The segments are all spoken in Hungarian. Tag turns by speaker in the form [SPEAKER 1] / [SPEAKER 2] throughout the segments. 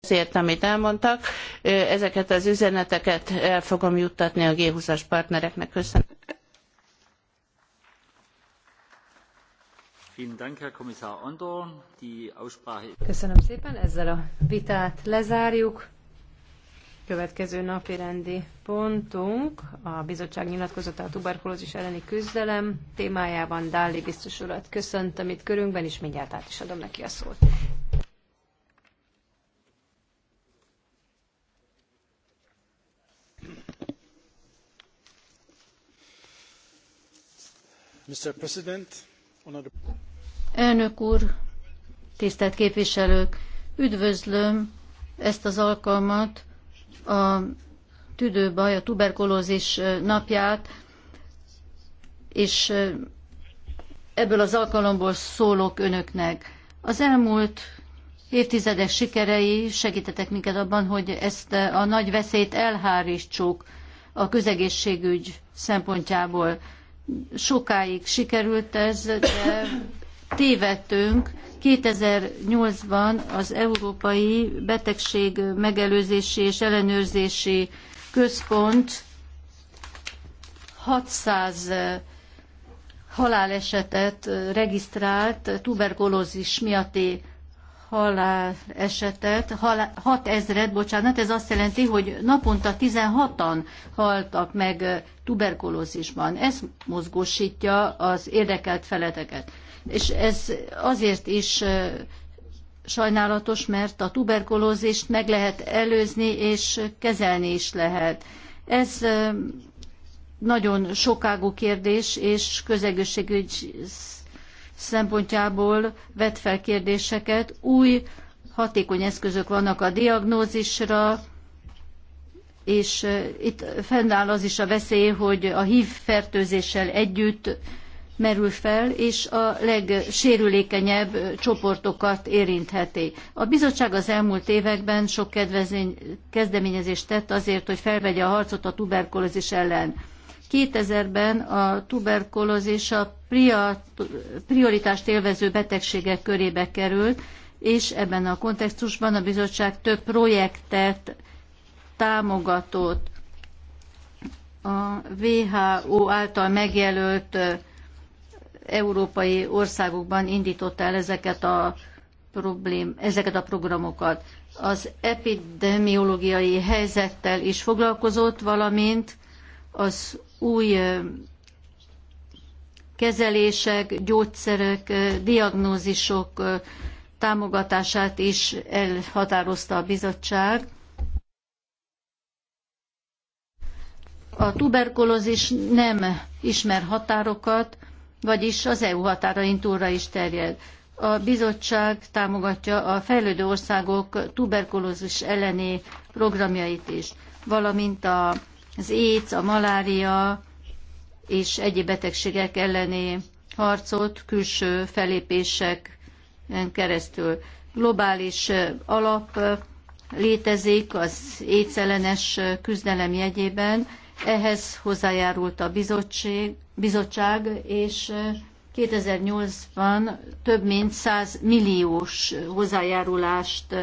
[SPEAKER 1] ezért, amit elmondtak. Ezeket az üzeneteket el fogom juttatni a G20-as partnereknek. Köszönöm.
[SPEAKER 2] Köszönöm
[SPEAKER 3] szépen, ezzel a vitát lezárjuk. Következő napi rendi pontunk a bizottság nyilatkozata a tuberkulózis elleni küzdelem témájában Dáli biztos urat köszöntöm itt körünkben, és mindjárt át is adom neki a szót.
[SPEAKER 2] Elnök úr, tisztelt képviselők, üdvözlöm ezt az alkalmat, a tüdőbaj, a tuberkulózis napját, és ebből az alkalomból szólok önöknek. Az elmúlt évtizedek sikerei segítettek minket abban, hogy ezt a nagy veszélyt elhárítsuk a közegészségügy szempontjából sokáig sikerült ez, de tévedtünk. 2008-ban az Európai Betegség Megelőzési és Ellenőrzési Központ 600 halálesetet regisztrált tuberkulózis miatti halálesetet, esetet, halál, 6 ezret, bocsánat, ez azt jelenti, hogy naponta 16-an haltak meg tuberkulózisban. Ez mozgósítja az érdekelt feleteket. És ez azért is sajnálatos, mert a tuberkulózist meg lehet előzni, és kezelni is lehet. Ez nagyon sokágú kérdés, és közegészségügy szempontjából vet fel kérdéseket. Új hatékony eszközök vannak a diagnózisra, és itt fennáll az is a veszély, hogy a HIV fertőzéssel együtt merül fel, és a legsérülékenyebb csoportokat érintheti. A bizottság az elmúlt években sok kezdeményezést tett azért, hogy felvegye a harcot a tuberkulózis ellen. 2000-ben a tuberkulózis a prioritást élvező betegségek körébe került, és ebben a kontextusban a bizottság több projektet támogatott a WHO által megjelölt európai országokban indította el ezeket a, problém, ezeket a programokat. Az epidemiológiai helyzettel is foglalkozott, valamint az új kezelések, gyógyszerek, diagnózisok támogatását is elhatározta a bizottság. A tuberkulózis nem ismer határokat, vagyis az EU határain túlra is terjed. A bizottság támogatja a fejlődő országok tuberkulózis elleni programjait is, valamint a az ét, a malária és egyéb betegségek elleni harcot külső felépések keresztül. Globális alap létezik az étszellenes küzdelem jegyében. Ehhez hozzájárult a bizottság, bizottság és 2008-ban több mint 100 milliós hozzájárulást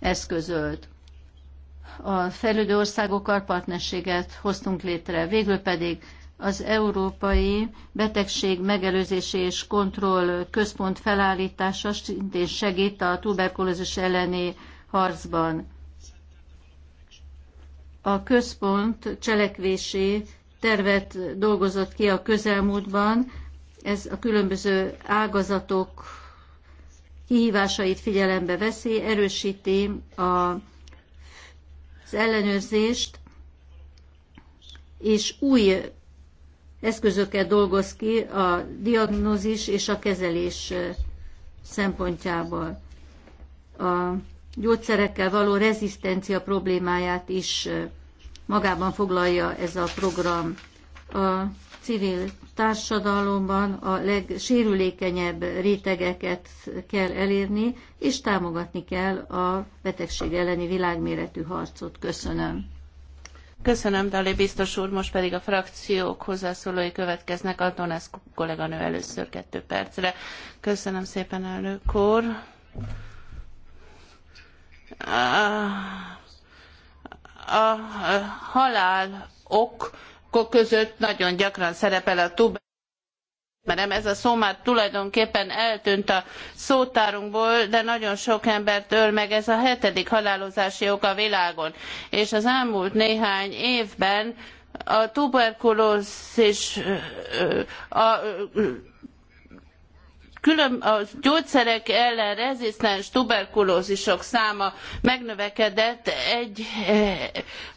[SPEAKER 2] eszközölt a fejlődő országokkal partnerséget hoztunk létre. Végül pedig az Európai Betegség Megelőzési és Kontroll Központ felállítása szintén segít a tuberkulózis elleni harcban. A központ cselekvési tervet dolgozott ki a közelmúltban, ez a különböző ágazatok kihívásait figyelembe veszi, erősíti a az ellenőrzést, és új eszközöket dolgoz ki a diagnózis és a kezelés szempontjából. A gyógyszerekkel való rezisztencia problémáját is magában foglalja ez a program a civil társadalomban a legsérülékenyebb rétegeket kell elérni, és támogatni kell a betegség elleni világméretű harcot. Köszönöm.
[SPEAKER 1] Köszönöm, Dali biztos úr, most pedig a frakciók hozzászólói következnek. Antonescu kolléganő először kettő percre. Köszönöm szépen, elnök úr. A, a, a halál ok között nagyon gyakran szerepel a tuber mert ez a szó már tulajdonképpen eltűnt a szótárunkból, de nagyon sok embert öl meg ez a hetedik halálozási ok a világon. És az elmúlt néhány évben a tuberkulózis a, a, a külön, a gyógyszerek ellen rezisztens tuberkulózisok száma megnövekedett egy eh,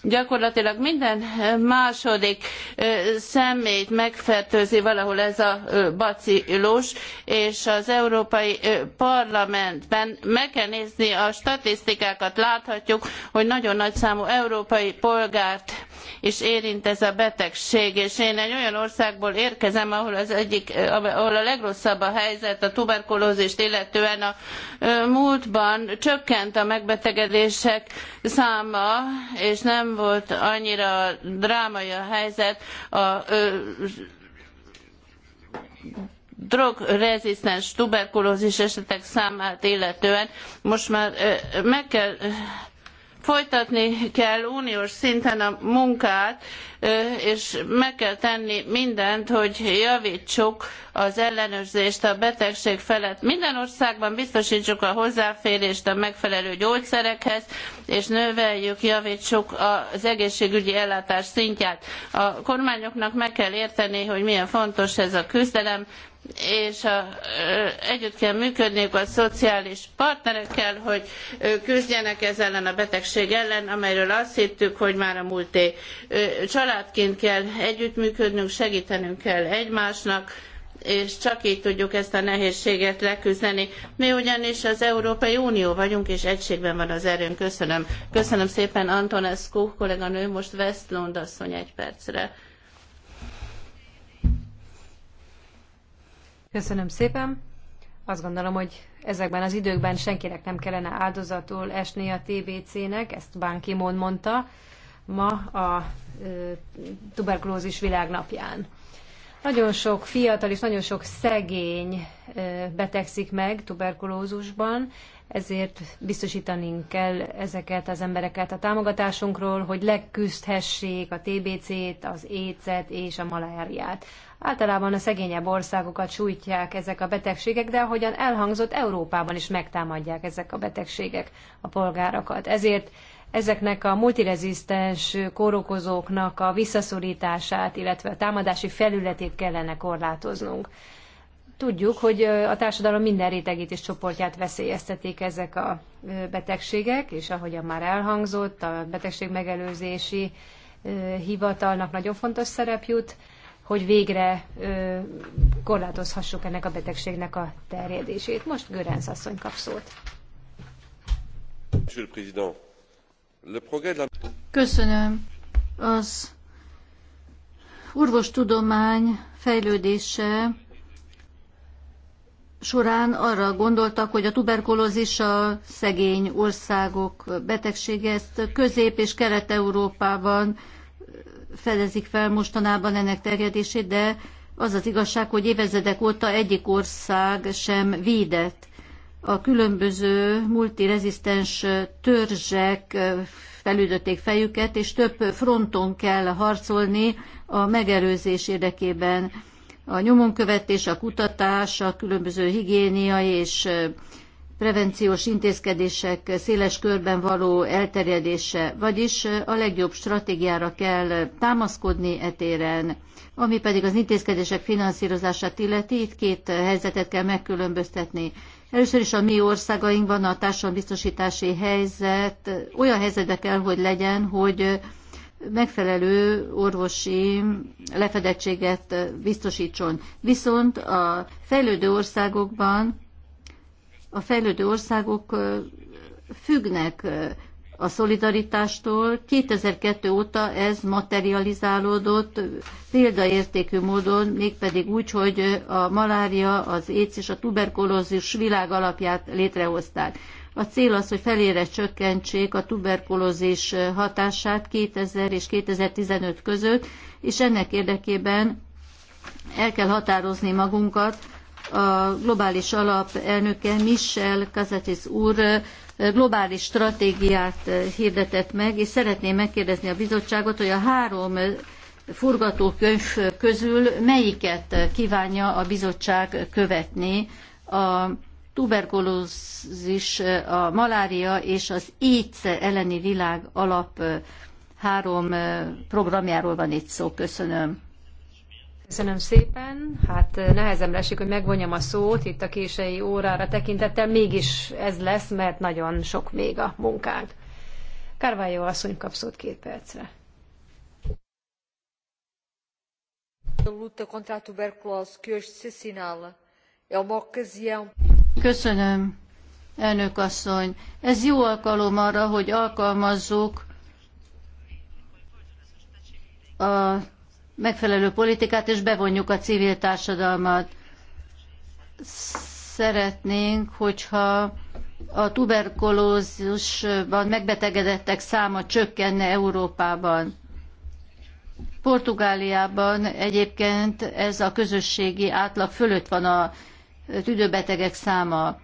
[SPEAKER 1] gyakorlatilag minden második eh, szemét megfertőzi valahol ez a eh, bacillus, és az Európai Parlamentben meg kell nézni a statisztikákat, láthatjuk, hogy nagyon nagy számú európai polgárt is érint ez a betegség, és én egy olyan országból érkezem, ahol az egyik, ahol a legrosszabb a helyzet a tuberkulózist illetően a múltban csökkent a megbetegedések száma, és nem volt annyira drámai a helyzet a drogrezisztens tuberkulózis esetek számát illetően. Most már meg kell folytatni kell uniós szinten a munkát, és meg kell tenni mindent, hogy javítsuk az ellenőrzést a betegség felett. Minden országban biztosítsuk a hozzáférést a megfelelő gyógyszerekhez, és növeljük, javítsuk az egészségügyi ellátás szintját. A kormányoknak meg kell érteni, hogy milyen fontos ez a küzdelem, és a, együtt kell működniük a szociális partnerekkel, hogy küzdjenek ez ellen a betegség ellen, amelyről azt hittük, hogy már a múlté. Családként kell együttműködnünk, segítenünk kell egymásnak, és csak így tudjuk ezt a nehézséget leküzdeni. Mi ugyanis az Európai Unió vagyunk, és egységben van az erőnk. Köszönöm. Köszönöm szépen Antonescu kolléganő, most Westlund asszony egy percre.
[SPEAKER 3] Köszönöm szépen. Azt gondolom, hogy ezekben az időkben senkinek nem kellene áldozatul esni a TBC-nek, ezt Bán Kimon mondta ma a tuberkulózis világnapján. Nagyon sok fiatal és nagyon sok szegény betegszik meg tuberkulózusban, ezért biztosítani kell ezeket az embereket a támogatásunkról, hogy leküzdhessék a TBC-t, az écet és a maláriát. Általában a szegényebb országokat sújtják ezek a betegségek, de ahogyan elhangzott, Európában is megtámadják ezek a betegségek a polgárokat. Ezért ezeknek a multirezisztens kórokozóknak a visszaszorítását, illetve a támadási felületét kellene korlátoznunk. Tudjuk, hogy a társadalom minden rétegét és csoportját veszélyeztetik ezek a betegségek, és ahogyan már elhangzott, a betegség megelőzési hivatalnak nagyon fontos szerep jut, hogy végre korlátozhassuk ennek a betegségnek a terjedését. Most Görenc asszony kap szót.
[SPEAKER 1] Monsieur le Président,
[SPEAKER 3] Köszönöm. Az
[SPEAKER 2] orvostudomány fejlődése során arra gondoltak, hogy a tuberkulózis a szegény országok betegsége, ezt Közép- és Kelet-Európában fedezik fel mostanában ennek terjedését, de az az igazság, hogy évezredek óta egyik ország sem védett a különböző multirezisztens törzsek felüldötték fejüket, és több fronton kell harcolni a megelőzés érdekében. A nyomonkövetés, a kutatás, a különböző higiéniai és prevenciós intézkedések széles körben való elterjedése, vagyis a legjobb stratégiára kell támaszkodni etéren. Ami pedig az intézkedések finanszírozását illeti, itt két helyzetet kell megkülönböztetni. Először is a mi országainkban a társadalombiztosítási helyzet olyan helyzetbe kell, hogy legyen, hogy megfelelő orvosi lefedettséget biztosítson. Viszont a fejlődő országokban a fejlődő országok függnek a szolidaritástól. 2002 óta ez materializálódott példaértékű módon, mégpedig úgy, hogy a malária, az éc és a tuberkulózis világ alapját létrehozták. A cél az, hogy felére csökkentsék a tuberkulózis hatását 2000 és 2015 között, és ennek érdekében el kell határozni magunkat, a globális alap elnöke Michel Kazatis úr globális stratégiát hirdetett meg, és szeretném megkérdezni a bizottságot, hogy a három forgatókönyv közül melyiket kívánja a bizottság követni a tuberkulózis, a malária és az AIDS elleni világ alap három programjáról van itt szó.
[SPEAKER 3] Köszönöm. Köszönöm szépen. Hát eh, nehezemre esik, hogy megvonjam a szót itt a késői órára tekintettel, mégis ez lesz, mert nagyon sok még a munkánk. Carvalho asszony kap szót két percre.
[SPEAKER 2] Köszönöm, elnök asszony. Ez jó alkalom arra, hogy alkalmazzuk a megfelelő politikát, és bevonjuk a civil társadalmat. Szeretnénk, hogyha a tuberkulózusban megbetegedettek száma csökkenne Európában. Portugáliában egyébként ez a közösségi átlag fölött van a tüdőbetegek száma.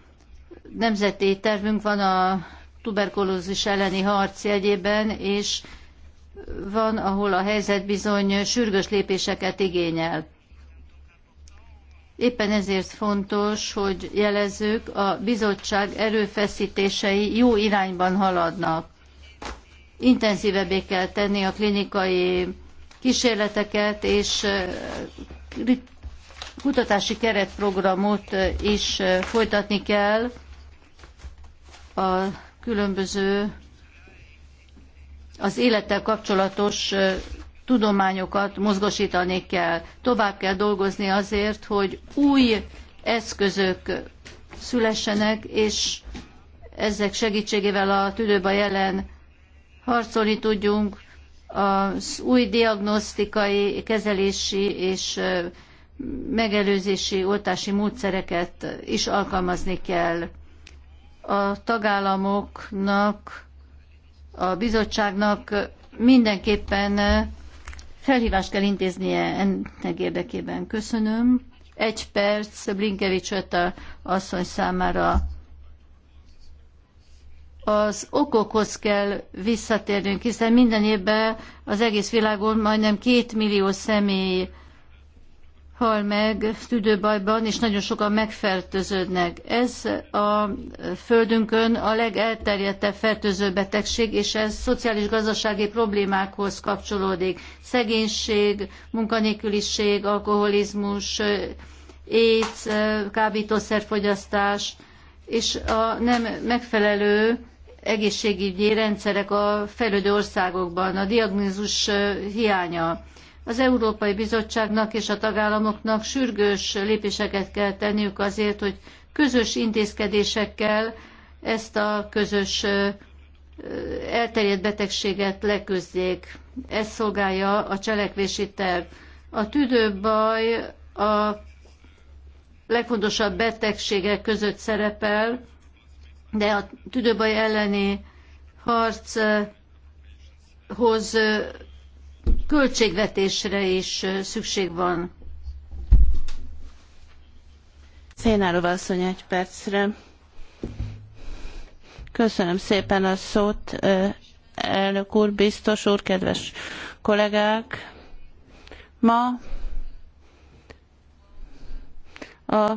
[SPEAKER 2] Nemzeti tervünk van a tuberkulózis elleni harc jegyében, és van, ahol a helyzet bizony sürgős lépéseket igényel. Éppen ezért fontos, hogy jelezzük, a bizottság erőfeszítései jó irányban haladnak. Intenzívebbé kell tenni a klinikai kísérleteket, és kutatási keretprogramot is folytatni kell a különböző az élettel kapcsolatos tudományokat mozgosítani kell. Tovább kell dolgozni azért, hogy új eszközök szülessenek, és ezek segítségével a tüdőbe jelen harcolni tudjunk, az új diagnosztikai, kezelési és megelőzési, oltási módszereket is alkalmazni kell. A tagállamoknak a bizottságnak mindenképpen felhívást kell intéznie ennek érdekében. Köszönöm. Egy perc Blinkevics a asszony számára. Az okokhoz kell visszatérnünk, hiszen minden évben az egész világon majdnem két millió személy hal meg tüdőbajban, és nagyon sokan megfertőződnek. Ez a földünkön a legelterjedtebb fertőző betegség, és ez szociális-gazdasági problémákhoz kapcsolódik. Szegénység, munkanélküliség, alkoholizmus, AIDS, kábítószerfogyasztás, és a nem megfelelő egészségügyi rendszerek a fejlődő országokban, a diagnózus hiánya az Európai Bizottságnak és a tagállamoknak sürgős lépéseket kell tenniük azért, hogy közös intézkedésekkel ezt a közös elterjedt betegséget leküzdjék. Ez szolgálja a cselekvési terv. A tüdőbaj a legfontosabb betegségek között szerepel, de a tüdőbaj elleni harchoz költségvetésre
[SPEAKER 1] is szükség van. Szénárova asszony egy percre. Köszönöm szépen a szót, elnök úr, biztos úr, kedves kollégák. Ma a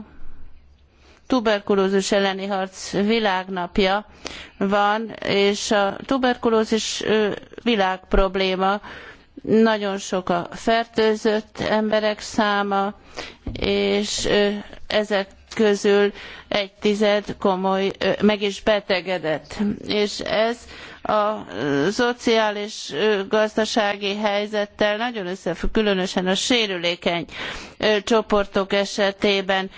[SPEAKER 1] tuberkulózus elleni harc világnapja van, és a tuberkulózis világprobléma, nagyon sok a fertőzött emberek száma, és ezek közül egy tized komoly meg is betegedett. És ez a szociális gazdasági helyzettel nagyon összefügg, különösen a sérülékeny csoportok esetében.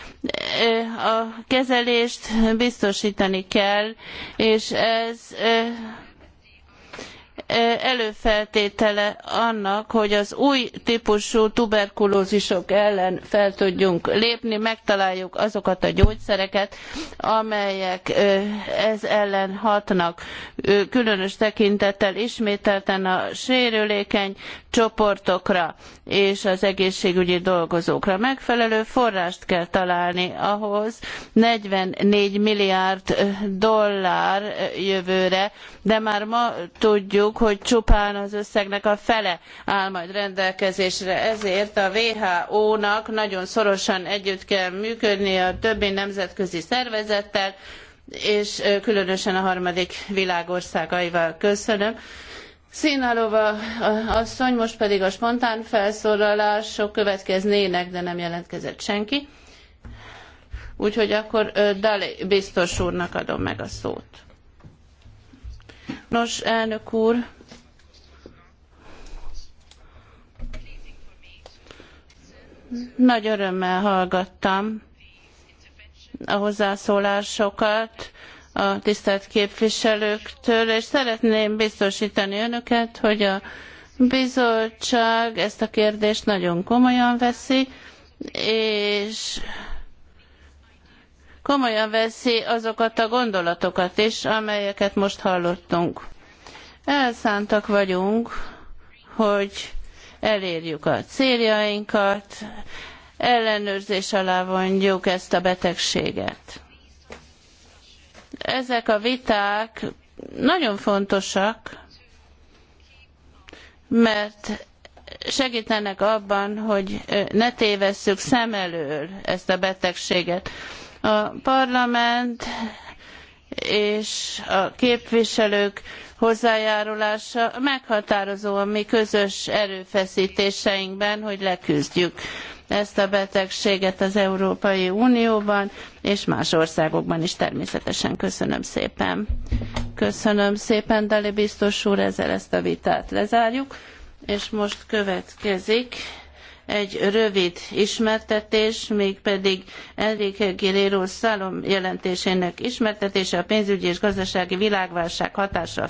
[SPEAKER 1] A kezelést biztosítani kell, és ez előfeltétele annak, hogy az új típusú tuberkulózisok ellen fel tudjunk lépni, megtaláljuk azokat a gyógyszereket, amelyek ez ellen hatnak. Különös tekintettel ismételten a sérülékeny csoportokra és az egészségügyi dolgozókra. Megfelelő forrást kell találni ahhoz 44 milliárd dollár jövőre, de már ma tudjuk, hogy csupán az összegnek a fele áll majd rendelkezésre. Ezért a WHO-nak nagyon szorosan együtt kell működnie a többi nemzetközi szervezettel, és különösen a harmadik világországaival. Köszönöm. Színálova asszony, most pedig a spontán felszólalások következnének, de nem jelentkezett senki. Úgyhogy akkor Dali biztos úrnak adom meg a szót. Nos, elnök úr, nagy örömmel hallgattam a hozzászólásokat a tisztelt képviselőktől, és szeretném biztosítani önöket, hogy a bizottság ezt a kérdést nagyon komolyan veszi, és komolyan veszi azokat a gondolatokat is, amelyeket most hallottunk. Elszántak vagyunk, hogy elérjük a céljainkat, ellenőrzés alá vonjuk ezt a betegséget. Ezek a viták nagyon fontosak, mert segítenek abban, hogy ne tévesszük szem elől ezt a betegséget. A parlament és a képviselők hozzájárulása meghatározó a mi közös erőfeszítéseinkben, hogy leküzdjük ezt a betegséget az Európai Unióban és más országokban is természetesen. Köszönöm szépen. Köszönöm szépen, Dali biztos úr, ezzel ezt a vitát lezárjuk, és most következik egy rövid ismertetés, mégpedig Enrique Guerrero Szalom jelentésének ismertetése a pénzügyi és gazdasági világválság hatása a